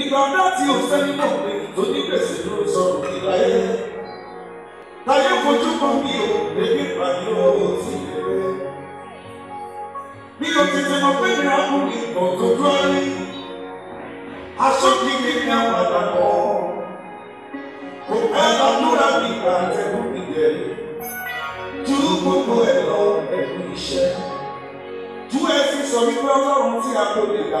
Ìgbà ọ̀dá tí o sẹ́ni náà pé tó ní gbèsè ló ń sọ̀rọ̀ kí láyé. Láyé fojú kan bí o, èmi pàdé owó tí ìrere. Bí o ti tẹnu pé mi rákùn ní òtútù ọ̀rí, aṣọ kíkí ni àwọn àdàpọ̀. Kò pẹ́ lọ́dúnrà mi gbà àtẹ̀kùn mi jẹ. Tú gbogbo ẹ̀ lọ ẹ̀kú iṣẹ́. Tú ẹ ti sọ wípé ọlọ́run tí a kò lè gbà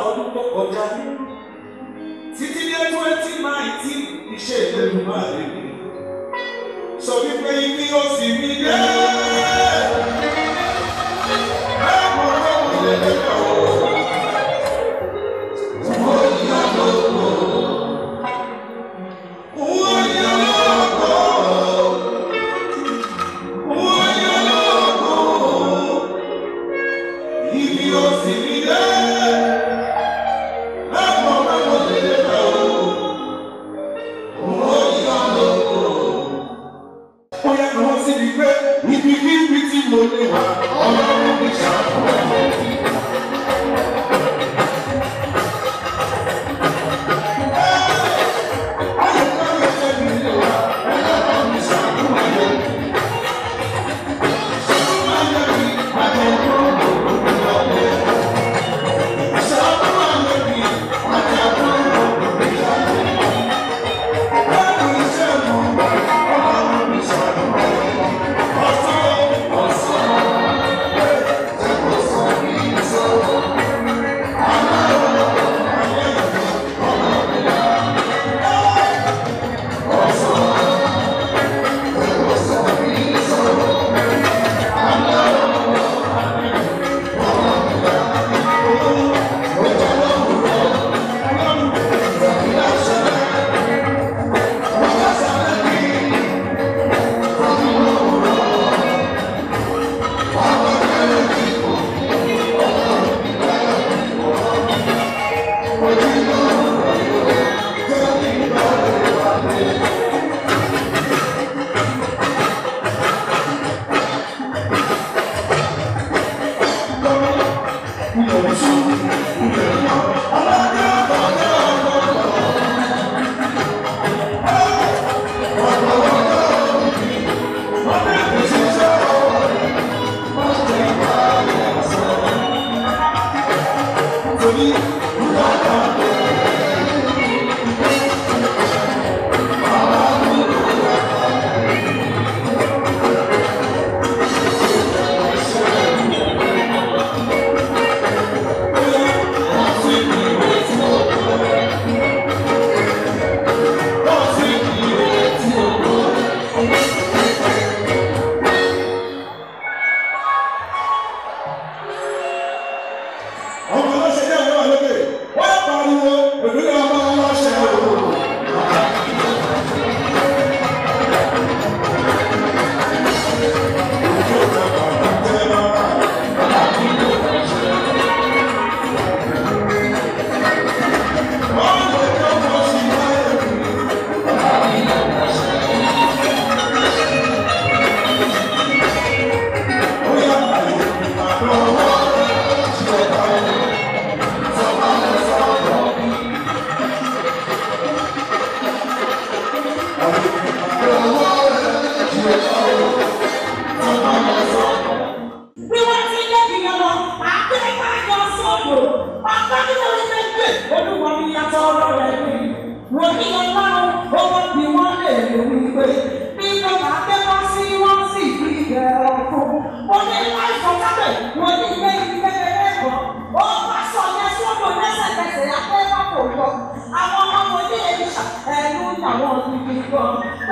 lọ́dún tó kọjá títí dé twenty nineteen iṣẹ́ ìlẹ́nu máa lè rí sọ wípé ibi ó sì rí dé. Báwo ló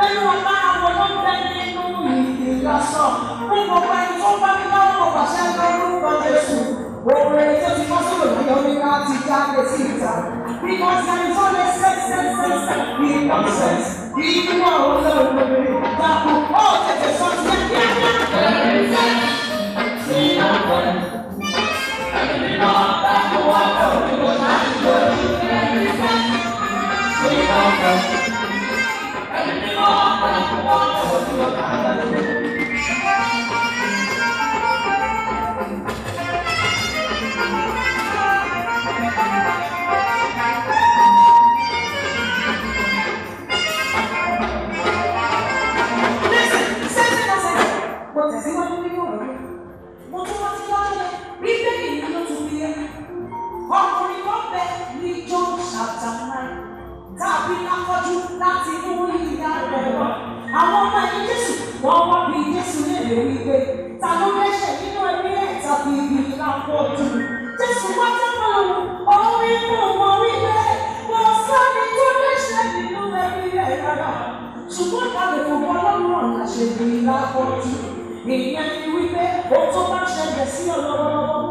lẹ́nu ọba àwọn ọlọ́dẹ nínú ìdílọ́sọ̀ fún gbogbo ẹni tó bá mi lọ́wọ́ kò pàṣẹ lórúkọ Jésù òun ẹni tó ti fọ́sọ̀ lòmìnira ní ká ti jáde sí ìta bí wọ́n ti ẹni tó lé sẹ́sẹ́sẹ́sẹ́ ìdílọ́sẹ̀ ìdílọ́ òun lọ. ṣe bí lápọ̀jù ìyẹn ni wípé ó tó bá ṣẹlẹ̀ sí ọlọ́wọ́lọ́wọ́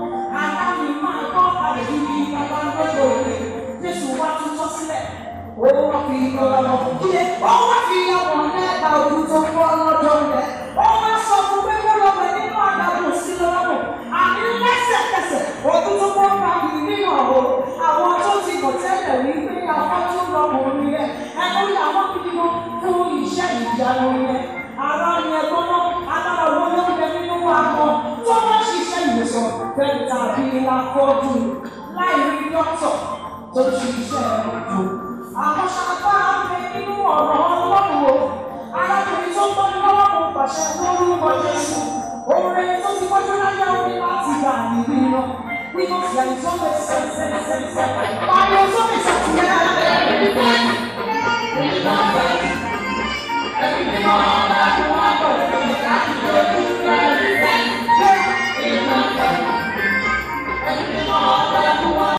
ara mi máa kọ́ àlè níbi bàbá lọ́dọ̀ òde Jésù wá tún tọ́ oh ma wá fi ọlọ́wọ́ kílẹ̀ tu wá fi la lẹ́ẹ̀ta Oh ma kọ́ lọ́dọ̀ rẹ̀ ó wá ma fún pé kó lọ́mọ nínú àdàbò sí lọ́wọ́ àní lẹ́sẹ̀kẹsẹ̀ But she said, no. I wish I found any more on the road. I have been so far along, but she had no room for this. Over and so much when I know we are together, you know. We go see and so much sense, sense, sense, sense. I know so much sense, yeah, yeah, yeah. We love it. Everything on that one, but we got to go to the end. We love it. Everything on that one.